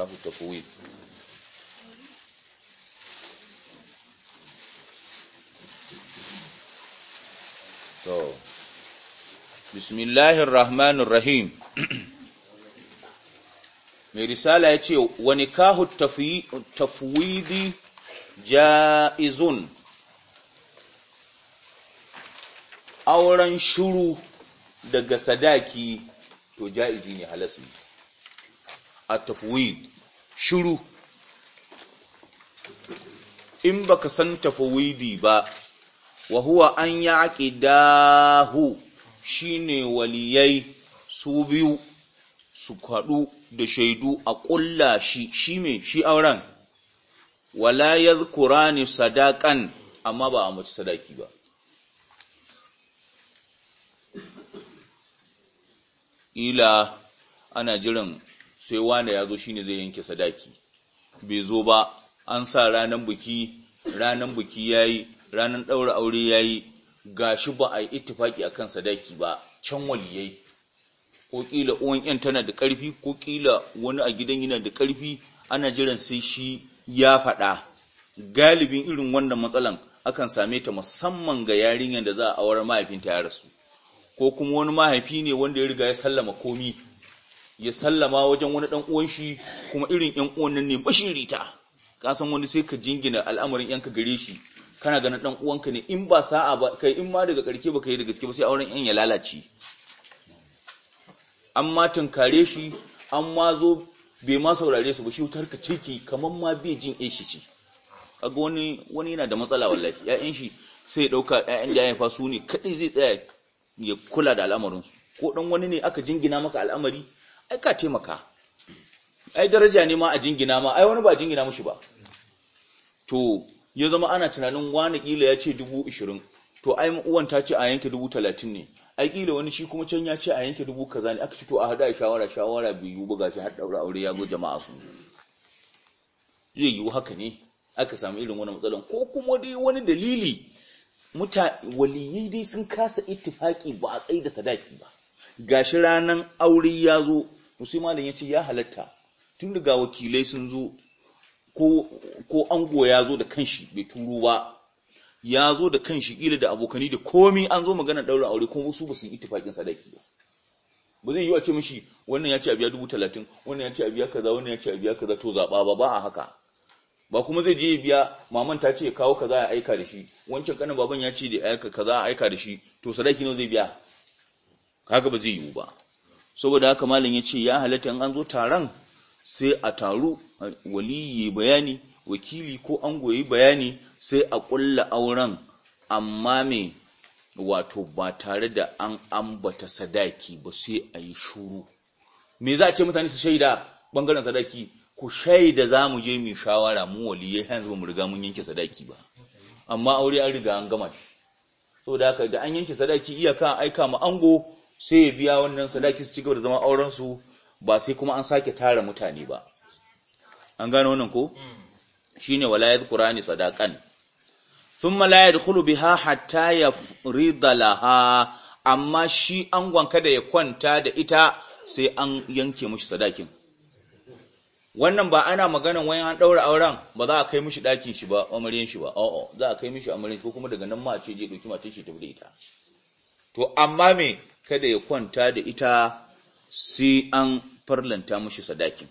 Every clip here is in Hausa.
kafu tafwid to bismillahir rahmanir rahim mai risala ya ce wani kahu tafwidi ja'izun auren shuru daga sadaki to ja'izi ne halas ne a tafwid shiru in ba ka san tafawidi ba wa huwa an shi shine waliyai su biyu su kwaɗu da shaidu a ƙulla shi shi mai shi auren wala yadhkurani sadakan amma ba a mace sadaki ba ila ana jiran sai wanda ya zo shi ne zai yanke sadaki bai zo ba an sa ranan biki ranan biki yi, ranar ɗaura aure ya yi. Ga shi ba a yi a kan sadaki ba can waliyai ko ƙila uwan yan tana da ƙarfi, ko ƙila wani a gidan yana da ƙarfi, ana jiran sai shi ya faɗa galibin irin wannan matsalan akan same ta musamman ga yarinyar da za a aure mahaifinta ya rasu ko kuma wani mahaifi ne wanda ya riga ya sallama komi ya sallama wajen wani dan uwan shi kuma irin yan uwan nan ne ka san wani sai ka jingina al'amarin yanka gare shi kana ganin dan uwanka ne in ba sa'a ba kai in ma daga ƙarke ba kai da gaske ba sai auren ƴan ya lalace An ma tunkare shi ma zo bai ma saurare su ba shi wutar ka ciki kamar ma bai jin ƴan shi ce kaga wani wani yana da matsala wallahi ya'yan shi sai ya dauka ya'yan da ya haifa su ne kaɗai zai tsaya ya kula da al'amarin su ko dan wani ne aka jingina maka al'amari ai ka taimaka ai daraja ne ma a jingina ma ai wani ba jingina mushi ba to ya zama ana tunanin wani kila ya ce dubu to ai uwan ta ce a yanke dubu talatin ne ai kila wani shi kuma can ya ce a yanke dubu kaza ne aka fito to a hada shawara shawara biyu buga shi har daura aure ya go jama'a su. zai yiwu haka ne aka samu irin wani matsalan ko kuma dai wani dalili muta dai sun kasa ittifaki ba a tsayi da sadaki ba gashi ranar aure ya zo to sai malam ya ce ya halatta tun daga wakilai sun zo ko ango ya zo da kanshi bai turo ba ya zo da kanshi kila da abokani da komi an zo magana daura aure kuma wasu ba su yi ittifakin sadaki ba ba zai yi a ce mishi wannan ya ce a biya dubu talatin wannan ya ce a biya kaza wannan ya ce a biya kaza to zaɓa ba ba a haka ba kuma zai je ya biya maman ta ce ya kawo kaza ya aika da shi wancan kanin baban ya ce da aika kaza a aika da shi to sadaki nawa zai biya kaga ba zai yiwu ba saboda haka malam ya ce ya halatta in an zo taron sai a taru waliyi bayani wakili ko an goyi bayani sai a ƙulla auren amma me wato ba tare da an ambata sadaki ba sai a yi shuru me za a ce mutane su shaida bangaren sadaki ku shaida za mu je mu shawara mu hanzu ba mu riga mun yanke sadaki ba amma aure an riga an gama shi saboda haka da an yanke sadaki iyaka aika mu ango sai ya biya wannan sadaki su cigaba da zama auren su ba sai kuma an sake tara mutane ba an gano wannan ko hmm. shine wala yadhkurani sadaqan thumma la yadkhulu biha hatta yafrida laha amma shi an gwanka da ya kwanta da ita sai an yanke mishi sadakin wannan ba ana maganan wayan an daura auren ba za a kai mishi dakin shi ba amaryan shi ba a'a za a kai mishi amaryan shi ko kuma daga nan ma ce je doki mace shi ta bude ita to amma me kada ya kwanta da ita sai an farlanta mushi sadakin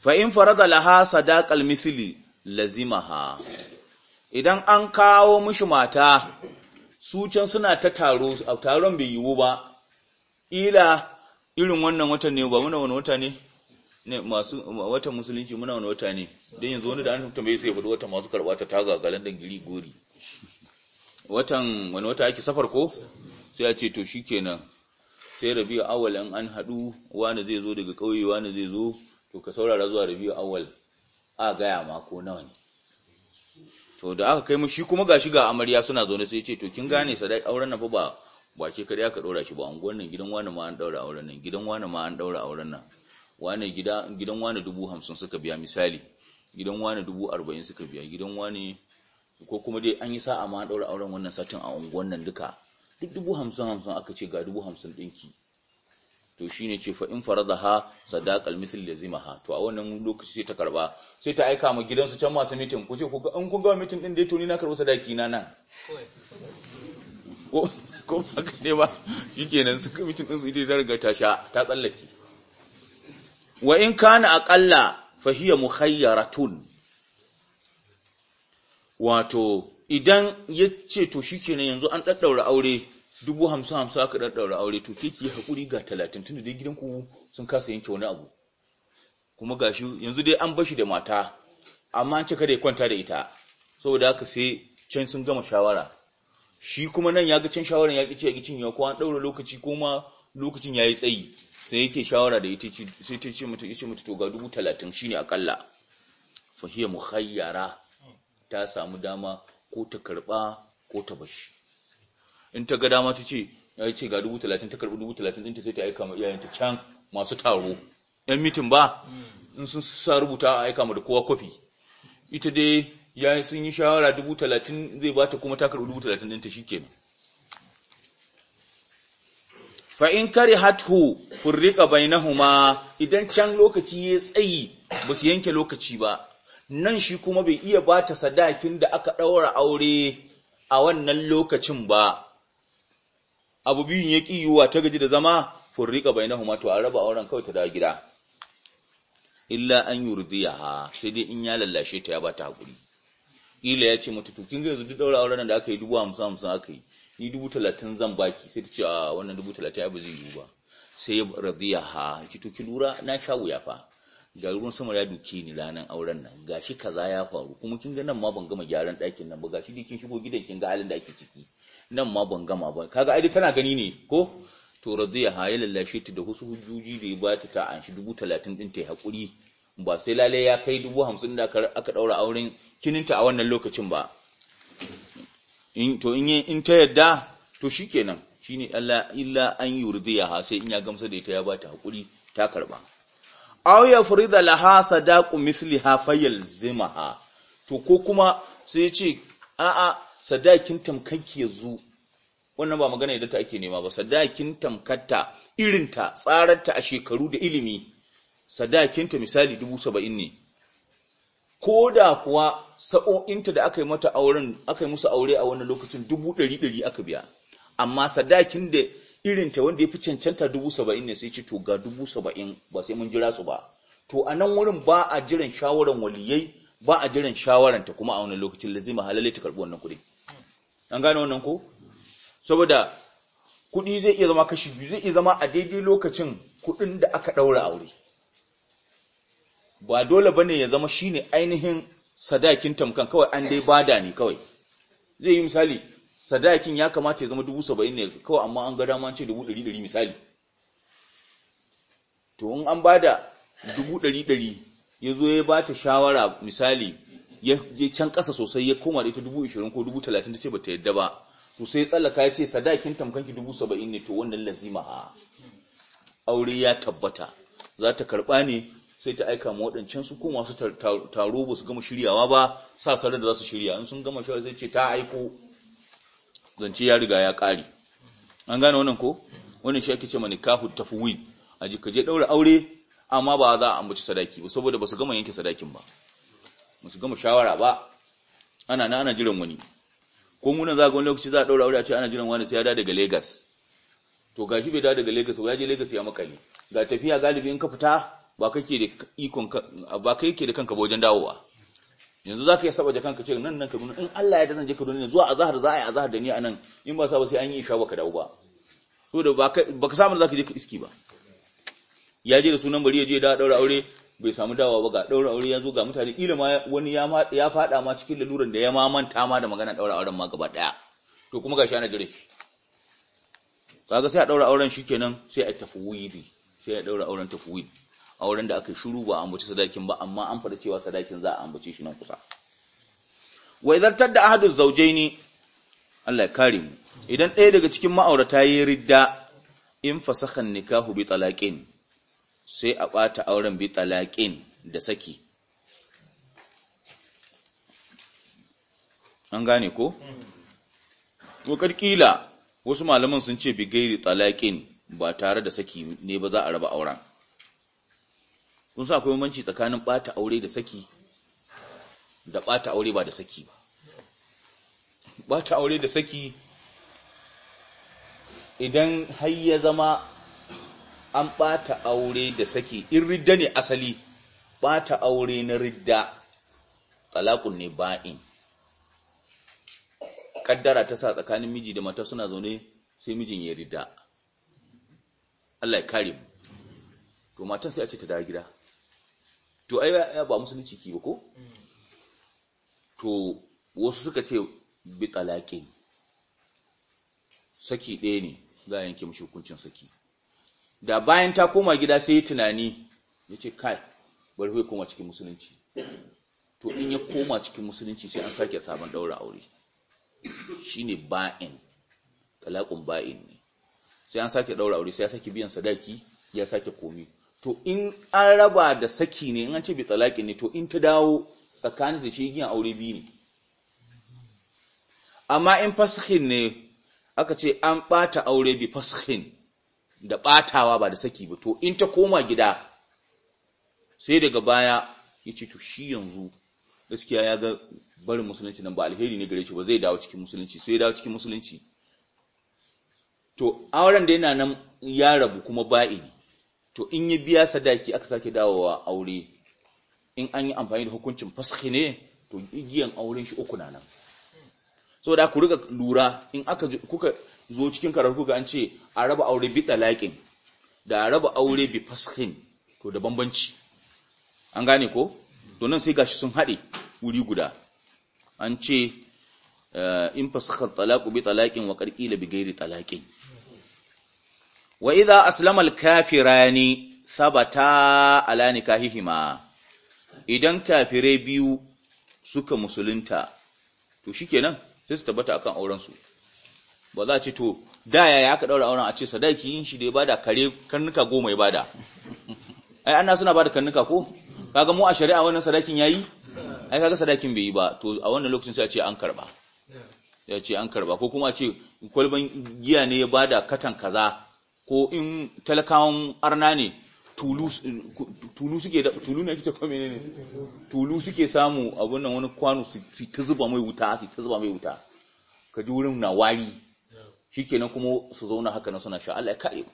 fa in farada laha sadaqal misli lazimaha idan an kawo mushi mata su can suna ta taro a taron bai yiwu ba ila irin wannan watan ne ba muna wani wata ne ne masu watan musulunci muna wani wata ne don yanzu wani da an tambaye sai ya faɗi wata masu karɓa ta gagalan galan dan giri gori watan wani wata ake safar ko sai ya ce to shikenan sai rabi'u awwal an an hadu wani zai zo daga kauye wani zai zo to ka saurara zuwa rabi'u awwal a gaya ma ko nawa ne to da aka kai mu shi kuma gashi ga amarya suna zaune sai ya ce to kin gane sadaki auren nan fa ba ba ke kare aka ɗora shi ba unguwan nan gidan wani ma an ɗaura auren nan gidan wani ma an ɗaura auren nan wani gidan wani dubu hamsin suka biya misali gidan wani dubu arba'in suka biya gidan wani ko kuma dai an yi sa'a ma daura auren wannan satin a unguwan nan duka duk dubu hamsin hamsin aka ce ga dubu hamsin ɗinki to shi ne ce fa'in farada ha sadakar misil da zima ha to a wannan lokaci sai ta karba sai ta aika ma gidansu can masu mitin ku ce an kun gawa mitin ɗin da ya toni na karɓi sadaki na nan ko haka ne ba shi kenan suka mitin su ita ta riga ta sha ta tsallake wa in kana aƙalla fahiyya muhayyaratun wato idan ya ce to kenan yanzu an ɗaɗɗaura aure dubu hamsin hamsin aka ɗaɗɗaura aure to ke ke haƙuri ga talatin da dai gidanku sun kasa yanke wani abu kuma gashi yanzu dai an bashi da mata amma an ce kada ya kwanta da ita saboda haka sai can sun gama shawara shi kuma nan ya ga can shawaran ya ci, ya kicin ya kuma an ɗaura lokaci kuma lokacin ya yi tsayi sai yake shawara da ita ce mata ce mata to ga talatin shine akalla fa mukhayyara ta samu dama ko ta karba ko ta bashi in ta ga dama ta ce ya ce ga dubu talatin ta karbi dubu talatin ɗinta sai ta aika ma iyayenta can masu taro yan mitin ba in sun sa rubuta a aika ma da kowa kwafi ita dai ya sun yi shawara dubu talatin zai bata kuma ta karbi dubu talatin ɗinta shi kenan fa in kare hathu furrika bainahuma idan can lokaci ya tsayi ba su yanke lokaci ba nan shi kuma bai iya ba ta sadakin da aka ɗaura aure a wannan lokacin ba abu biyun ya ƙi yiwuwa ta gaji da zama furrika bai na humato a raba auren kawai ta da gida illa an yurdiya ha sai dai in ya lallashe ta ya ba ta haƙuri ila ya ce mata to kin ɗaura auren da aka yi dubu hamsin hamsin aka yi ni dubu talatin zan baki sai ta ce a wannan dubu talatin ya ba zai yiwu ba sai ya radiya ha ki to ki lura na sha wuya fa ga ruwan sama ya duke ni ranar auren nan Ga shi kaza ya faru kuma kin ga nan ma ban gama gyaran ɗakin nan ba gashi dai kin shigo gidan kin ga halin da ake ciki nan ma ban gama ba kaga ai tana gani ne ko to radiya ha ya lallashe ta da wasu hujjoji da ya bata ta anshi dubu talatin ɗin ta yi haƙuri ba sai lale ya kai dubu hamsin da aka ɗaura auren kininta a wannan lokacin ba to in ta yadda to shikenan shine Allah illa an yurdiya ha sai in ya gamsa da ita ya bata hakuri ta karba. aw ya furida laha sadaqu misliha fayalzimaha to ko kuma sai ce a'a sadakin tamkanki yazo wannan ba magana idan ta ake nema ba sadakin tamkatta irinta tsararta a shekaru da ilimi sadakinta misali 70 ne ko da kuwa sa'o'inta da aka yi mata auren aka yi musu aure a wani lokacin 100 aka biya amma sadakin da irinta wanda ya fi cancanta dubu saba'in ne sai ci to ga dubu saba'in ba sai mun jira su ba to a nan wurin ba a jiran shawaran waliyai ba a jiran shawaranta kuma a wani lokacin lazima halalle ta karɓi wannan kuɗi an gane wannan ko saboda kuɗi zai iya zama kashi biyu zai iya zama a daidai lokacin kuɗin da aka ɗaura aure ba dole ba ne ya zama shine ainihin sadakin tamkan kawai an dai bada ne kawai zai yi misali sadakin ya kamata ya zama dubu saba'in ne kawai amma an ga dama ce dubu ɗari ɗari misali to in an ba da dubu ɗari ɗari ya zo ya ba ta shawara misali ya can ƙasa sosai ya koma da ita dubu ishirin ko dubu talatin ta ce ba ta yadda ba to sai tsallaka ya ce sadakin tamkanki dubu saba'in ne to wannan lazima ha aure ya tabbata za ta karɓa ne sai ta aika ma waɗancan su ko masu taro ba su gama shiryawa ba sa sarar da za su shirya in sun gama shawara sai ce ta aiko zance ya riga ya ƙare an gane wannan ko wannan shi ake ce kahu tafwid a ji kaje daura aure amma ba za a ambaci sadaki ba saboda ba su gama yanke sadakin ba ba su gama shawara ba ana na ana jiran wani ko munan za ga wani lokaci za a daura aure a ce ana jiran wani sai ya da daga Lagos to gashi bai da daga Lagos ba ya je Lagos ya makale ga tafiya galibi in ka fita ba kake da ikon ba kai da kanka ba wajen dawowa yanzu za ka saba saboda kanka ce nan nan Kaduna in Allah ya zan je Kaduna ne zuwa zahar za a yi zahar da ni a nan in ba sa ba sai an yi isha ka dawo ba to da ka samu ka je ka iski ba ya je da sunan bari ya je da daura aure bai samu dawa ba ga daura aure yanzu zo ga mutane ila ma wani ya faɗa fada ma cikin laluran da ya ma manta ma da magana daura auren ma gaba daya to kuma gashi ana jire kaga sai a daura auren shikenan sai a wuri sai a daura auren wuri. auren da aka shuru ba ambaci sadakin ba amma an faɗa cewa sadakin za a ambace shi nan kusa wa zartar da ahadu zaujaini Allah ya kare mu idan ɗaya daga cikin ma'aurata ya ridda in fasakan nikahu bi talaqin sai a bata auren bi talaqin da saki an gane ko Ko karkila wasu malaman sun ce bi gairi talaqin ba tare da saki ne ba za a raba auren kun sa akwai bambanci tsakanin bata aure da saki da bata aure ba da saki ba bata aure da saki idan har ya zama an bata aure da saki in ridda ne asali bata aure na ridda talaqun ne ba'in kaddara ta sa tsakanin miji da mata suna zaune sai mijin ya ridda Allah ya kare mu to matan sai a ce ta dawo gida to ai ba musulunci ki ba ko to wasu suka ce bi talaqin saki ɗaya ne za a yanke mishi hukuncin saki da bayan ta koma gida sai yi tunani ya ce kai bari ya koma cikin musulunci to in ya koma cikin musulunci sai an sake sabon daura aure shine ba'in talaqun ba'in ne sai an sake daura aure sai ya sake biyan sadaki ya sake komi to in an raba da saki ne an ce bi talaki ne to in ta dawo tsakanin da shi giyan aure biyu ne amma in fashin ne aka ce an ɓata aure bi fashin da ɓatawa ba da saki ba to in ta koma gida sai daga baya ya ce to shi yanzu gaskiya ya ga barin musulunci nan ba alheri ne gare shi ba zai dawo cikin musulunci sai dawo cikin musulunci to auren da yana nan ya rabu kuma ba'i to in ya biya sadaki aka sake dawowa aure in an yi amfani da hukuncin faske ne to igiyan auren shi uku na nan so da ku riga lura in aka kuka zo cikin karar kuka an ce a raba aure bi talaqin da raba aure bi fashin to da bambanci an gane ko to nan sai gashi sun haɗe wuri guda an ce eh, in fasakha talaqu bi talaqin wa qarqila bi ghairi talaqin wa idza aslama al-kafirani thabata ala nikahihima idan kafirai biyu suka musulunta to shikenan sai su tabbata akan auren su ba za ce to da yaya aka daura auren a ce sadaki yin shi da ya bada kare karnuka goma ya bada ai anna suna bada karnuka ko kaga mu a shari'a wannan sadakin yayi ai kaga sadakin bai yi ba to a wannan lokacin sai a ce an karba ya ce an karba ko kuma a ce kwalban giya ne ya bada katan kaza ko in talakawan arna ne tulu suke da tulu ne kike ko menene tulu suke samu abun nan wani kwano su ta zuba mai wuta su ta zuba mai wuta ka ji wurin na wari shikenan kuma su zauna haka na suna sha Allah ya kare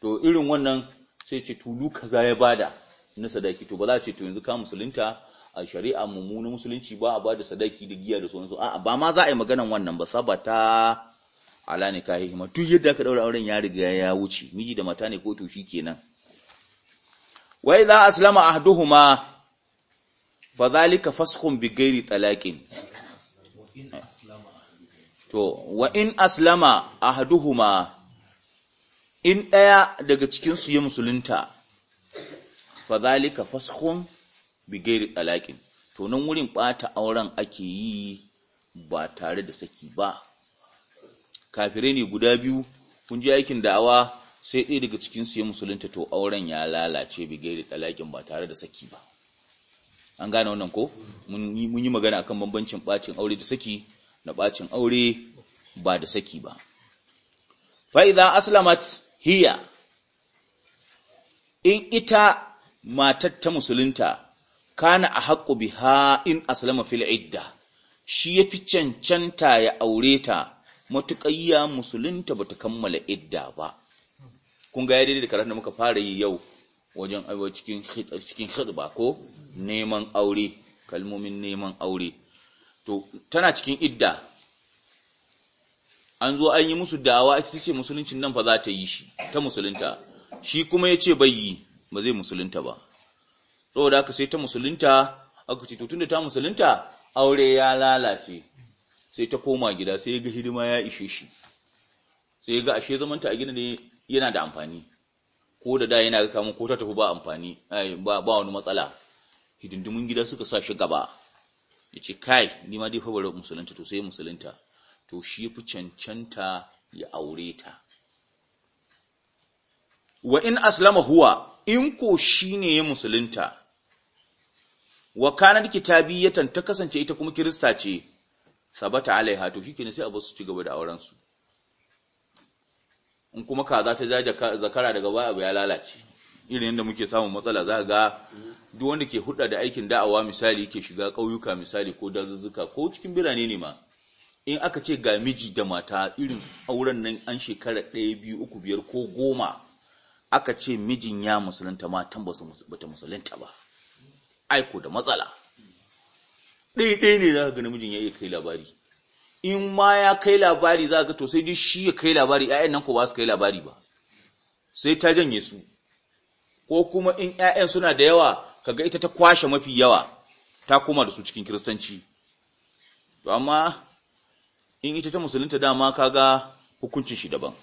to irin wannan sai ce tulu kaza ya bada na sadaki to ba za ce to yanzu ka musulunta a shari'a na musulunci ba a bada sadaki da giya da sauransu a'a ba ma za a yi maganan wannan ba sabata ala nikahi hikima duk yadda aka daura auren ya riga ya wuce miji da mata ne ko to shikenan wa idza aslama ahduhuma fa zalika fasqun bi ghairi talaqin to wa in aslama ahduhuma in daya daga cikin su ya musulunta fa zalika fasqun bi ghairi talaqin to nan wurin bata auren ake yi ba tare da saki ba Kafire ne guda biyu kun ji aikin da'awa sai ɗaya daga cikin su ya musulunta to auren ya lalace bigairi talakin ba tare da saki ba an gane wannan ko mun yi magana akan bambancin bacin aure da saki na bacin aure ba da saki ba fa idza aslamat hiya in ita matar ta musulunta kana a haƙƙo biha in aslama fil idda shi ya fi cancanta ya aure ta matuƙayya musulunta musulunta bata kammala idda ba kun ga daidai da karatun da muka fara yi yau wajen aiwa cikin cikin khidba ko neman aure kalmomin neman aure to tana cikin idda an zo an yi musu dawa ita ce musuluncin nan fa za ta yi shi ta musulunta shi kuma ya ce bai yi ba zai musulunta ba saboda aka sai ta musulunta aka ce to da ta musulunta aure ya lalace sai ta koma gida sai ga hidima ya ishe shi sai ga ashe zamanta a gida ne yana da amfani ko da da yana ga kama ko ta tafi ba amfani ba wani matsala hidindimin gida suka sa shi gaba ya ce kai ni ma dai fa bari musulunta to sai musulunta to shi fi cancanta ya aure ta wa in aslama huwa in ko ne ya musulunta wa kanat kitabiyatan ta kasance ita kuma kirista ce sabata alaiha to shikenan sai a basu ci gaba da auren su in kuma kaza ta ja zakara daga baya abu ya lalace irin yadda muke samun matsala za ga duk wanda ke hudda da aikin da'awa misali ke shiga kauyuka misali ko dazuzzuka ko cikin birane ne ma in aka ce ga miji da mata irin auren nan an shekara ɗaya biyu uku biyar ko goma aka ce mijin ya musulunta matan ba ta musulunta ba aiko da matsala ɗaiɗai ne za ka ga namijin ya iya kai labari in ma ya kai labari za ka to sai dai shi ya kai labari ‘ya'yan nan ko ba su kai labari ba sai ta janye su ko kuma in ‘ya'yan suna da yawa ka ga ita ta kwashe mafi yawa ta koma da su cikin kiristanci to amma in ita ta musulunta dama ka ga hukuncin shi daban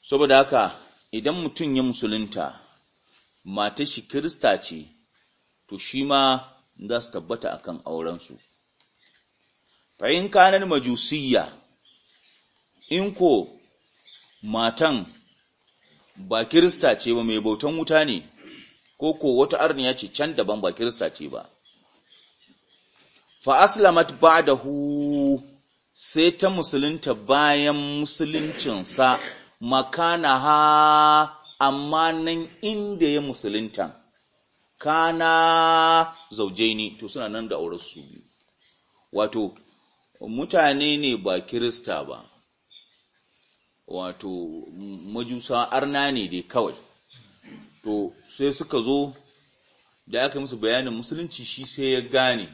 saboda haka idan mutum ya musulunta matar shi kirista ce to shi ma za su tabbata a kan aurensu fa in majusiyya in ko matan ba kirista ce ba mai bautan wuta ne ko ko wata arniya ce can daban ba kirista ce ba fa aslamat hu, sai ta musulunta bayan musuluncinsa makana ha amma nan inda ya musulunta kana zaujaini to suna nan da auren su biyu wato mutane ne ba kirista ba wato majusa arna ne dai kawai to sai suka zo da aka musu bayanin musulunci shi sai ya gane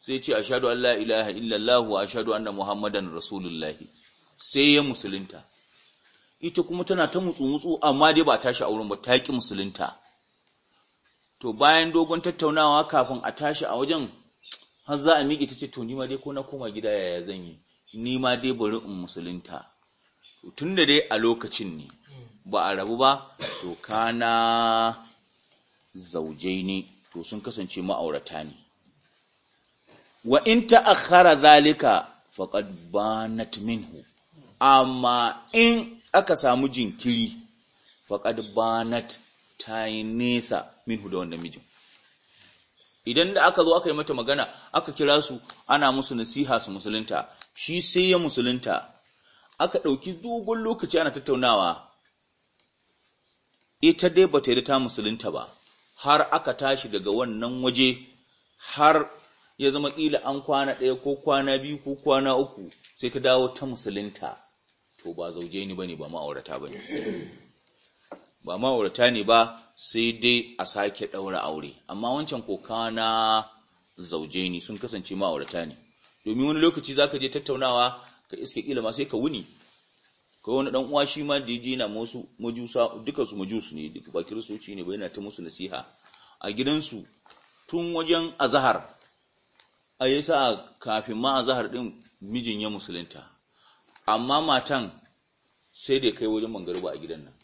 sai ce ashadu an la ilaha illallah wa anna muhammadan rasulullahi sai ya musulunta ita kuma tana ta mutsu mutsu amma dai ba tashi a wurin ba ta ki musulunta to bayan dogon tattaunawa kafin a tashi a wajen har za a miƙe ta ce to nima dai ko na koma gida yaya zan yi nima dai bari in musulunta tun da dai a lokacin ne ba a rabu ba to kana zaujai ne to sun kasance ma'aurata ne wa in ta'akhkhara zalika faqad banat minhu amma in aka samu jinkiri faqad banat ta yi nesa min da wanda mijin idan da aka zo aka yi mata magana aka kira su ana musu nasiha su musulunta shi sai ya musulunta aka ɗauki dogon lokaci ana tattaunawa ita dai ba ta yi ta musulunta ba har aka tashi daga wannan waje har ya zama ƙila an kwana ɗaya ko kwana biyu ko kwana uku sai ta dawo ta musulunta to ba zauje ni ba ne, ba ma'aurata ba ne. ba ma'aurata ne ba sai dai a sake ɗaura aure amma wancan koka na zauje ne sun kasance ma'aurata ne domin wani lokaci za ka je tattaunawa ka iske ƙila ma sai ka wuni ka wani ɗan uwa shi ma da ya je na musu majusa dukansu majusu ne duk ba kiristoci ne ba yana ta musu nasiha a gidansu tun wajen azahar a yi sa kafin ma azahar din mijin ya musulunta amma matan sai da kai wajen mangaruba a gidan nan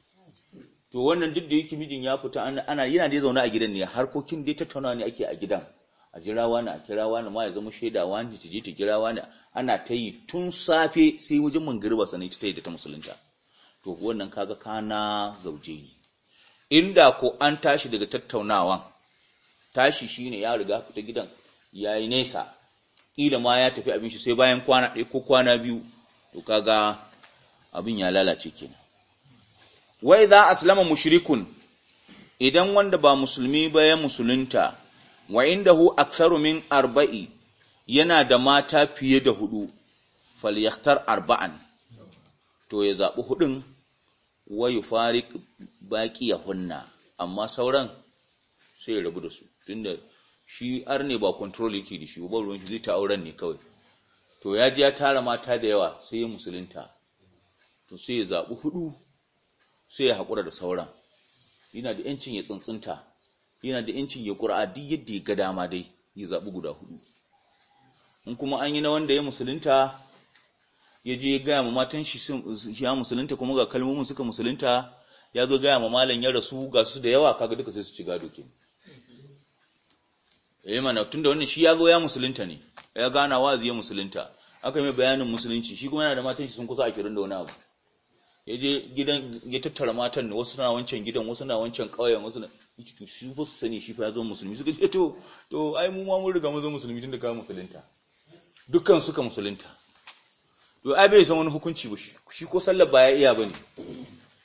to wannan duk da yake mijin ya fita ana yana da zaune a gidan ne harkokin dai tattaunawa ne ake a gidan a jira wani a kira wani ma ya zama shaida wani ta je ta kira wani ana ta yi tun safe sai wajen girba sanin ta yi da ta musulunta to wannan kaga kana zauje inda ko an tashi daga tattaunawan tashi shine ya riga fita gidan yayi nesa kila ma ya tafi abin shi sai bayan kwana ɗaya ko kwana biyu to kaga abin ya lalace kenan wai za a aslama mushrikun idan wanda ba musulmi ba ya musulunta wa indahu aktsaru min arba'i yana da mata fiye da hudu falyaktar arba'an to ya zabi hudun wa ya baqiyahunna amma sauran sai ya rabu da su tunda shi arne ba control yake da shi ba ruwan shi zai ta auren ne kawai to ya ji ya tara mata da yawa sai ya musulunta to sai ya zabi hudu sai ya haƙura da sauran yana da yancin ya tsuntsunta yana da yancin ya ƙura duk yadda ya ga dama dai ya zaɓi guda hudu in kuma an yi na wanda ya musulunta ya je ya gaya ma matan shi ya musulunta kuma ga kalmomin suka musulunta ya zo gaya ma malam ya rasu ga su da yawa kaga duka sai su ci gado ke yi eh mana da wannan shi ya zo ya musulunta ne ya gana wazi ya musulunta aka yi mai bayanin musulunci shi kuma yana da matan shi sun kusa 20 da wani abu ya je gidan ya tattara matan wasu na wancan gidan wasu na wancan ƙauyen wasu na yace to shi fa su sani shi fa ya zama musulmi suka ce to to ai mu ma mun riga mun zama musulmi tunda ka musulunta dukkan suka musulunta to ai bai san wani hukunci ba shi shi ko sallar ba ya iya ne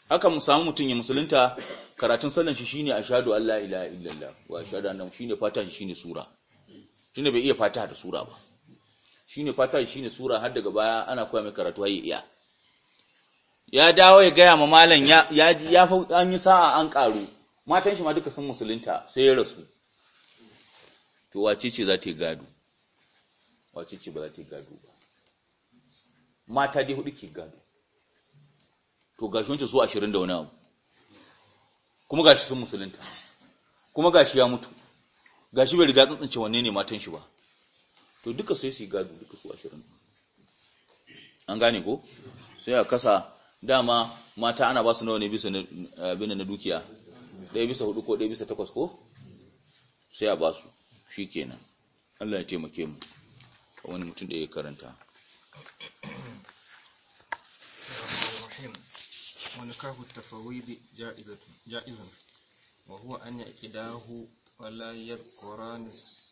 haka mu samu mutum ya musulunta karatun sallar shi shine ashhadu an la ilaha illallah wa ashhadu anna shine fata shi shine sura tunda bai iya fata da sura ba shine fata shi shine sura har daga baya ana koya mai karatu ai iya ya dawo ya gaya ma malam ya ya fa an yi sa'a an ƙaru matan shi ma duka sun musulunta sai ya rasu to wace ce za ta yi gado wace ce ba za ta yi gado ba mata dai hudu ke gado to gashi wancan su ashirin da wani abu kuma gashi sun musulunta kuma gashi ya mutu gashi bai riga tsantsance wanne ne matan shi ba to duka sai su yi gado duka su ashirin an gane ko sai a kasa dama mata ana ba su nawa ne bisa abin na dukiya ɗaya bisa hudu ko ɗaya bisa takwas ko sai a ba su shi kenan Allah ya taimake mu wani mutum da ya karanta wani kahu tafawai da ja'izan wa huwa an ƙidahu wala ƙoranis